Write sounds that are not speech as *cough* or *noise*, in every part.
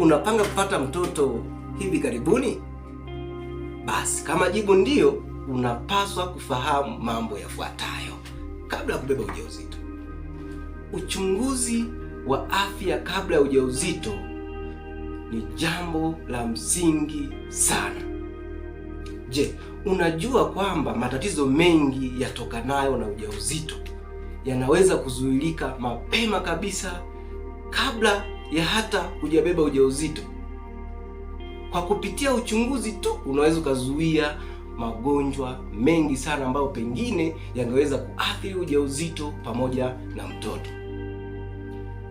unapanga kupata mtoto hivi karibuni? Basi kama jibu ndiyo, unapaswa kufahamu mambo yafuatayo kabla ya kubeba ujauzito. Uchunguzi wa afya kabla ya ujauzito ni jambo la msingi sana. Je, unajua kwamba matatizo mengi yatokanayo na ujauzito yanaweza kuzuilika mapema kabisa kabla ya hata kujabeba ujauzito. Kwa kupitia uchunguzi tu unaweza ukazuia magonjwa mengi sana ambayo pengine yangeweza kuathiri ujauzito pamoja na mtoto.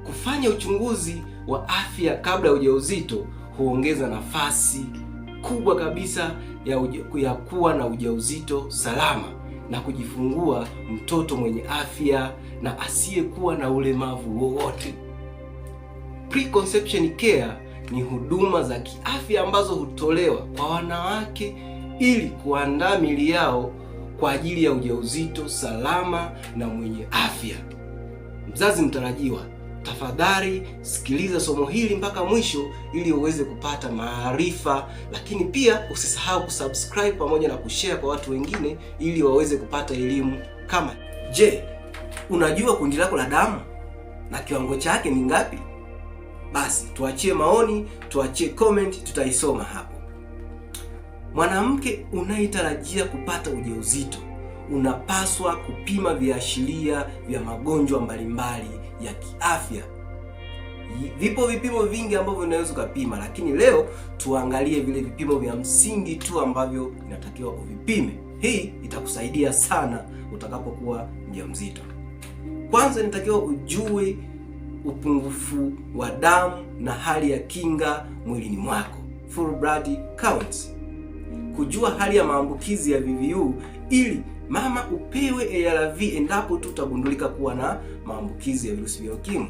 Kufanya uchunguzi wa afya kabla ya ujauzito huongeza nafasi kubwa kabisa ya, uja, ya kuwa na ujauzito salama na kujifungua mtoto mwenye afya na asiyekuwa na ulemavu wowote. Preconception care ni huduma za kiafya ambazo hutolewa kwa wanawake ili kuandaa miili yao kwa ajili ya ujauzito salama na mwenye afya. Mzazi mtarajiwa, tafadhali sikiliza somo hili mpaka mwisho ili uweze kupata maarifa, lakini pia usisahau kusubscribe pamoja na kushare kwa watu wengine ili waweze kupata elimu kama. Je, unajua kundi lako la damu na kiwango chake ni ngapi? basi tuachie maoni, tuachie comment, tutaisoma hapo. Mwanamke unayetarajia kupata ujauzito unapaswa kupima viashiria vya magonjwa mbalimbali ya kiafya. Vipo vipimo vingi ambavyo unaweza ukapima, lakini leo tuangalie vile vipimo vya msingi tu ambavyo inatakiwa uvipime. Hii itakusaidia sana utakapokuwa mjamzito. Kwanza inatakiwa ujue upungufu wa damu na hali ya kinga mwilini mwako. Full blood count. Kujua hali ya maambukizi ya VVU ili mama upewe ARV endapo tu utagundulika kuwa na maambukizi ya virusi vya ukimwi.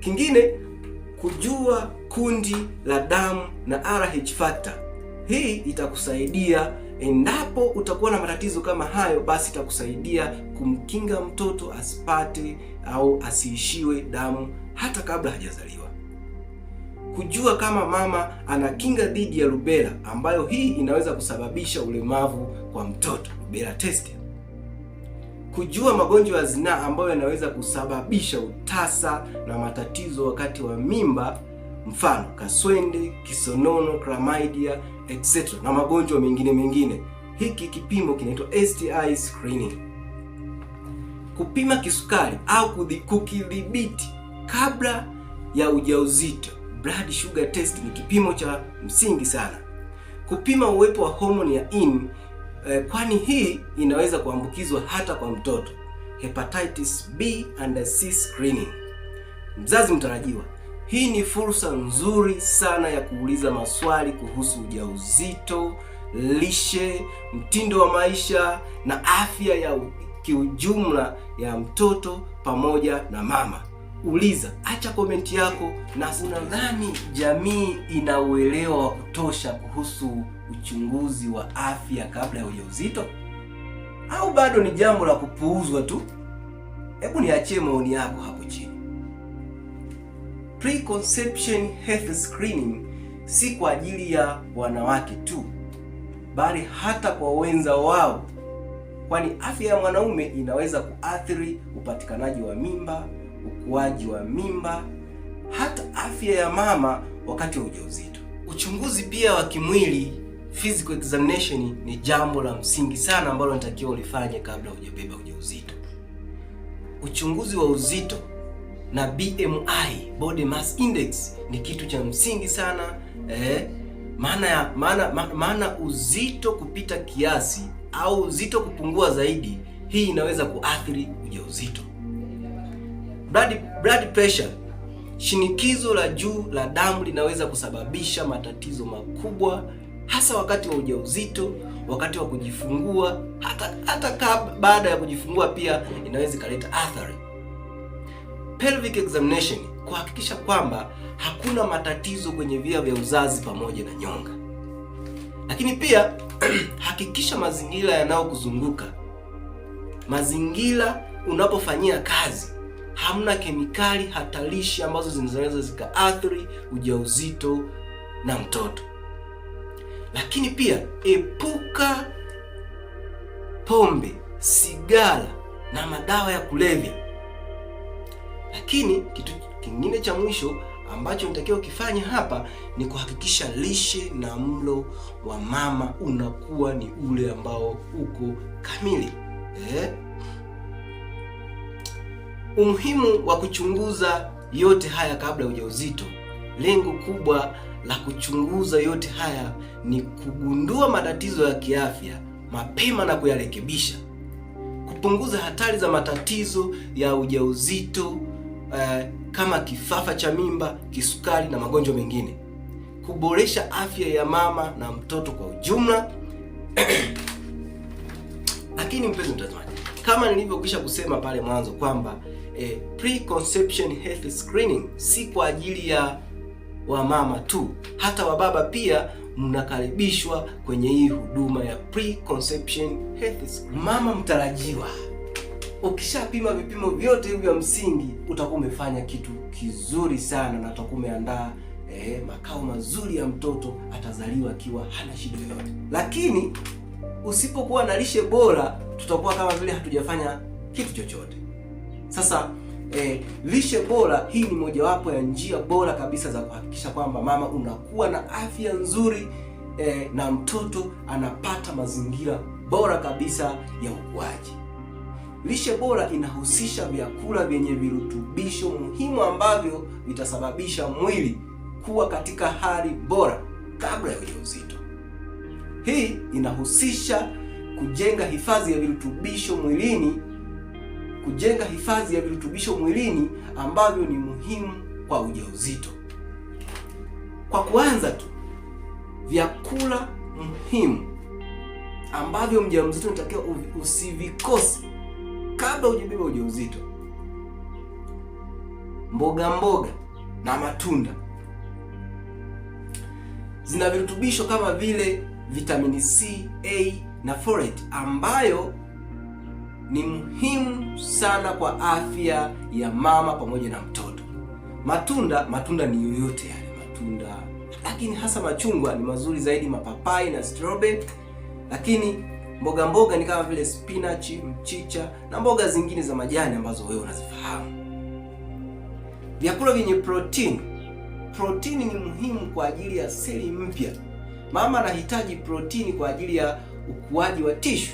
Kingine, kujua kundi la damu na RH factor. Hii itakusaidia Endapo utakuwa na matatizo kama hayo, basi itakusaidia kumkinga mtoto asipate au asiishiwe damu hata kabla hajazaliwa. Kujua kama mama ana kinga dhidi ya rubela, ambayo hii inaweza kusababisha ulemavu kwa mtoto, rubela test. Kujua magonjwa ya zinaa ambayo yanaweza kusababisha utasa na matatizo wakati wa mimba mfano kaswende, kisonono, chlamydia etc. na magonjwa mengine mengine. Hiki kipimo kinaitwa STI screening. Kupima kisukari au kukidhibiti kabla ya ujauzito, blood sugar test ni kipimo cha msingi sana. Kupima uwepo wa homoni ya ini eh, kwani hii inaweza kuambukizwa hata kwa mtoto. Hepatitis B and C screening. Mzazi mtarajiwa hii ni fursa nzuri sana ya kuuliza maswali kuhusu ujauzito, lishe, mtindo wa maisha na afya ya kiujumla ya mtoto pamoja na mama. Uliza, acha komenti yako, na unadhani jamii ina uelewa wa kutosha kuhusu uchunguzi wa afya kabla ya ujauzito au bado ni jambo la kupuuzwa tu? Hebu niachie maoni yako hapo chini. Preconception health screening si kwa ajili ya wanawake tu, bali hata kwa wenza wao, kwani afya ya mwanaume inaweza kuathiri upatikanaji wa mimba, ukuaji wa mimba, hata afya ya mama wakati wa ujauzito. Uchunguzi pia wa kimwili physical examination ni jambo la msingi sana ambalo natakiwa ulifanye kabla hujabeba ujauzito. Uchunguzi wa uzito na BMI, body mass index ni kitu cha msingi sana eh, maana ya maana ma, maana uzito kupita kiasi au uzito kupungua zaidi, hii inaweza kuathiri ujauzito. Blood, blood pressure, shinikizo la juu la damu linaweza kusababisha matatizo makubwa hasa wakati wa ujauzito, wakati wa kujifungua, hata hata baada ya kujifungua pia inaweza ikaleta athari pelvic examination kuhakikisha kwamba hakuna matatizo kwenye via vya uzazi pamoja na nyonga. Lakini pia *clears throat* hakikisha mazingira yanayokuzunguka, mazingira unapofanyia kazi hamna kemikali hatarishi ambazo zinaweza zikaathiri ujauzito na mtoto. Lakini pia epuka pombe, sigara na madawa ya kulevya lakini kitu kingine cha mwisho ambacho unatakiwa kifanya hapa ni kuhakikisha lishe na mlo wa mama unakuwa ni ule ambao uko kamili eh? Umuhimu wa kuchunguza yote haya kabla ya ujauzito. Lengo kubwa la kuchunguza yote haya ni kugundua matatizo ya kiafya mapema na kuyarekebisha, kupunguza hatari za matatizo ya ujauzito eh, kama kifafa cha mimba, kisukari na magonjwa mengine, kuboresha afya ya mama na mtoto kwa ujumla. *clears throat* Lakini mpenzi mtazamaji, kama nilivyokwisha kusema pale mwanzo kwamba eh, preconception health screening si kwa ajili ya wamama tu, hata wababa pia mnakaribishwa kwenye hii huduma ya preconception health. Mama mtarajiwa Ukishapima vipimo vyote hivyo vya msingi, utakuwa umefanya kitu kizuri sana na utakuwa umeandaa eh, makao mazuri ya mtoto, atazaliwa akiwa hana shida yoyote. Lakini usipokuwa na lishe bora, tutakuwa kama vile hatujafanya kitu chochote. Sasa eh, lishe bora hii ni mojawapo ya njia bora kabisa za kuhakikisha kwamba mama unakuwa na afya nzuri eh, na mtoto anapata mazingira bora kabisa ya ukuaji. Lishe bora inahusisha vyakula vyenye virutubisho muhimu ambavyo vitasababisha mwili kuwa katika hali bora kabla ya ujauzito. Hii inahusisha kujenga hifadhi ya virutubisho mwilini, kujenga hifadhi ya virutubisho mwilini ambavyo ni muhimu kwa ujauzito. Kwa kuanza tu, vyakula muhimu ambavyo mjamzito unatakiwa usivikose kabla hujabeba ujauzito, mboga mboga na matunda zina virutubisho kama vile vitamini C, A na folate ambayo ni muhimu sana kwa afya ya mama pamoja na mtoto. Matunda, matunda ni yoyote yale matunda, lakini hasa machungwa ni mazuri zaidi, mapapai na strawberry, lakini Mboga mboga ni kama vile spinachi, mchicha na mboga zingine za majani ambazo wewe unazifahamu. Vyakula vyenye protini. Protini ni muhimu kwa ajili ya seli mpya. Mama anahitaji protini kwa ajili ya ukuaji wa tishu,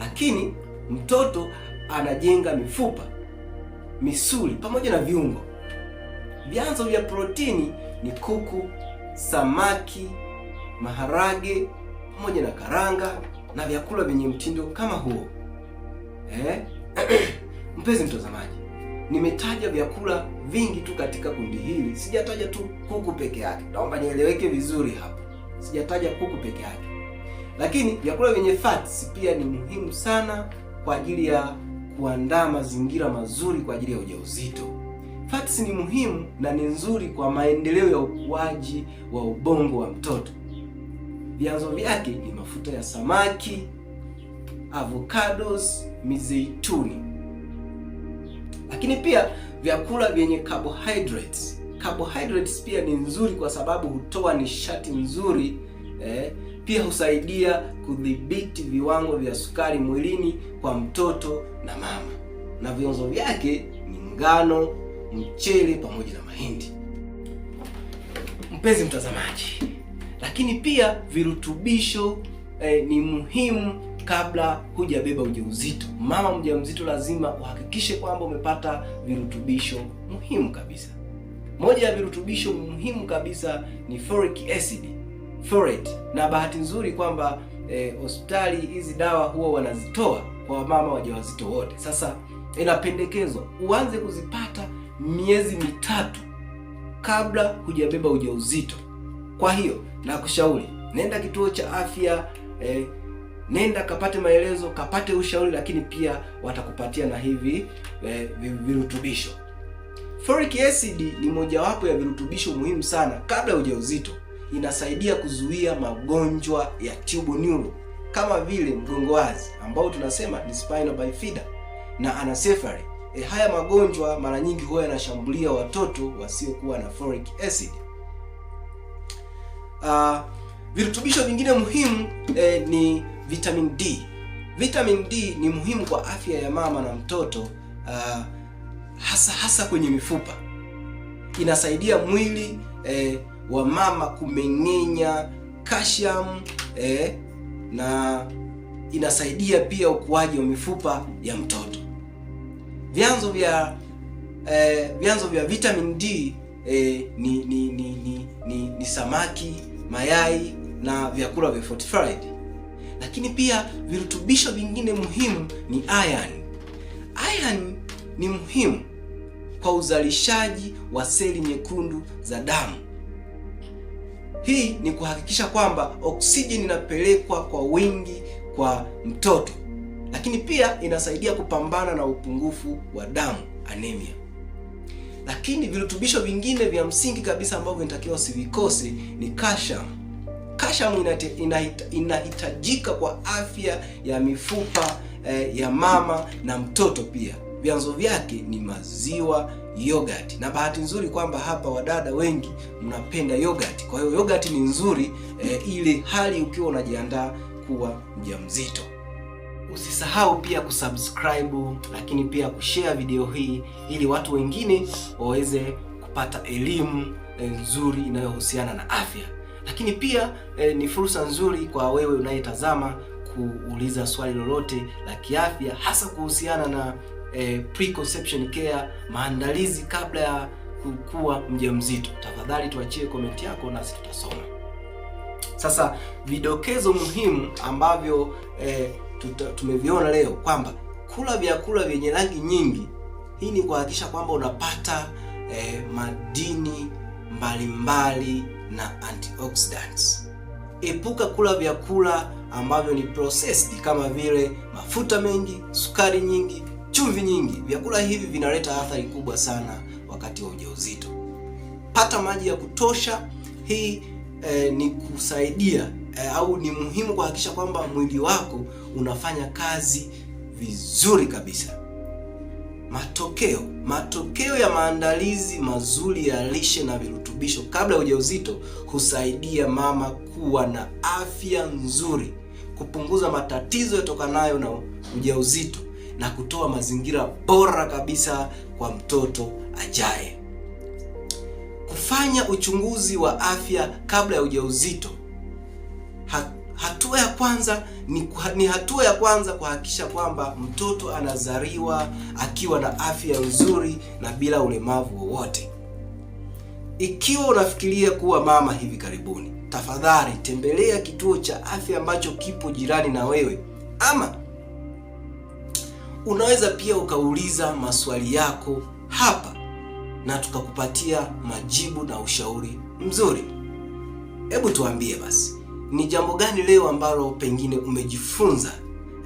lakini mtoto anajenga mifupa, misuli pamoja na viungo. Vyanzo vya protini ni kuku, samaki, maharage pamoja na karanga na vyakula vyenye mtindo kama huo eh? *clears throat* Mpenzi mtazamaji, nimetaja vyakula vingi tu katika kundi hili, sijataja tu kuku peke yake. Naomba nieleweke vizuri hapa, sijataja kuku peke yake, lakini vyakula vyenye fats pia ni muhimu sana kwa ajili ya kuandaa mazingira mazuri kwa ajili ya ujauzito. Fats ni muhimu na ni nzuri kwa maendeleo ya ukuaji wa ubongo wa mtoto. Vyanzo vyake ni mafuta ya samaki, avocados, mizeituni, lakini pia vyakula vyenye carbohydrates. Carbohydrates pia ni nzuri kwa sababu hutoa nishati nzuri eh, pia husaidia kudhibiti viwango vya sukari mwilini kwa mtoto na mama, na vyanzo vyake ni ngano, mchele pamoja na mahindi. Mpenzi mtazamaji lakini pia virutubisho eh, ni muhimu kabla hujabeba ujauzito. Mama mjamzito lazima uhakikishe kwamba umepata virutubisho muhimu kabisa. Moja ya virutubisho muhimu kabisa ni folic acid, folate, na bahati nzuri kwamba eh, hospitali eh, hizi dawa huwa wanazitoa kwa mama wajawazito wote. Sasa inapendekezwa uanze kuzipata miezi mitatu kabla hujabeba ujauzito. Kwa hiyo na kushauri, nenda kituo cha afya eh, nenda kapate maelezo, kapate ushauri, lakini pia watakupatia na hivi eh, virutubisho. Folic acid ni mojawapo ya virutubisho muhimu sana kabla ya ujauzito. Inasaidia kuzuia magonjwa ya tubo neuro kama vile mgongo wazi ambao tunasema ni spina bifida na anencephaly. E, eh, haya magonjwa mara nyingi huwa yanashambulia watoto wasiokuwa na folic acid. Uh, virutubisho vingine muhimu eh, ni vitamin D. Vitamin D ni muhimu kwa afya ya mama na mtoto uh, hasa hasa kwenye mifupa. Inasaidia mwili eh, wa mama kumeng'enya calcium eh, na inasaidia pia ukuaji wa mifupa ya mtoto. Vyanzo vya eh, vyanzo vya vitamin D eh, ni, ni, ni, ni, ni, ni samaki mayai na vyakula vya fortified. Lakini pia virutubisho vingine muhimu ni iron. Iron ni muhimu kwa uzalishaji wa seli nyekundu za damu. Hii ni kuhakikisha kwamba oksijeni inapelekwa kwa wingi kwa mtoto, lakini pia inasaidia kupambana na upungufu wa damu anemia. Lakini virutubisho vingine vya msingi kabisa ambavyo inatakiwa usivikose ni kasham kasham inahitajika kwa afya ya mifupa eh, ya mama na mtoto pia. Vyanzo vyake ni maziwa, yogurt. Na bahati nzuri kwamba hapa wadada wengi mnapenda yogurt. Kwa hiyo yogurt ni nzuri eh, ili hali ukiwa unajiandaa kuwa mjamzito. Usisahau pia kusubscribe, lakini pia kushare video hii ili watu wengine waweze kupata elimu eh, nzuri inayohusiana na afya. Lakini pia eh, ni fursa nzuri kwa wewe unayetazama kuuliza swali lolote la kiafya hasa kuhusiana na eh, preconception care, maandalizi kabla ya kuwa mjamzito. Tafadhali tuachie komenti yako nasi tutasoma. Sasa vidokezo muhimu ambavyo eh, tuta, tumeviona leo kwamba kula vyakula vyenye rangi nyingi, hii ni kuhakikisha kwamba unapata eh, madini mbalimbali na antioxidants. Epuka kula vyakula ambavyo ni processed kama vile mafuta mengi, sukari nyingi, chumvi nyingi. Vyakula hivi vinaleta athari kubwa sana wakati wa ujauzito. Pata maji ya kutosha. Hii eh, ni kusaidia eh, au ni muhimu kuhakikisha kwamba mwili wako unafanya kazi vizuri kabisa. Matokeo, matokeo ya maandalizi mazuri ya lishe na virutubisho kabla ya ujauzito husaidia mama kuwa na afya nzuri, kupunguza matatizo yatokanayo na ujauzito na kutoa mazingira bora kabisa kwa mtoto ajaye. Kufanya uchunguzi wa afya kabla ya ujauzito hatua ya kwanza ni, ni hatua ya kwanza kuhakikisha kwamba mtoto anazaliwa akiwa na afya nzuri na bila ulemavu wowote. Ikiwa unafikiria kuwa mama hivi karibuni, tafadhali tembelea kituo cha afya ambacho kipo jirani na wewe, ama unaweza pia ukauliza maswali yako hapa na tukakupatia majibu na ushauri mzuri. Hebu tuambie basi ni jambo gani leo ambalo pengine umejifunza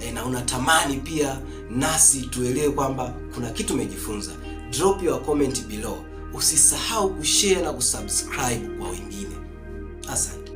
e, na unatamani pia nasi tuelewe kwamba kuna kitu umejifunza? Drop your comment below. Usisahau kushare na kusubscribe kwa wengine. Asante.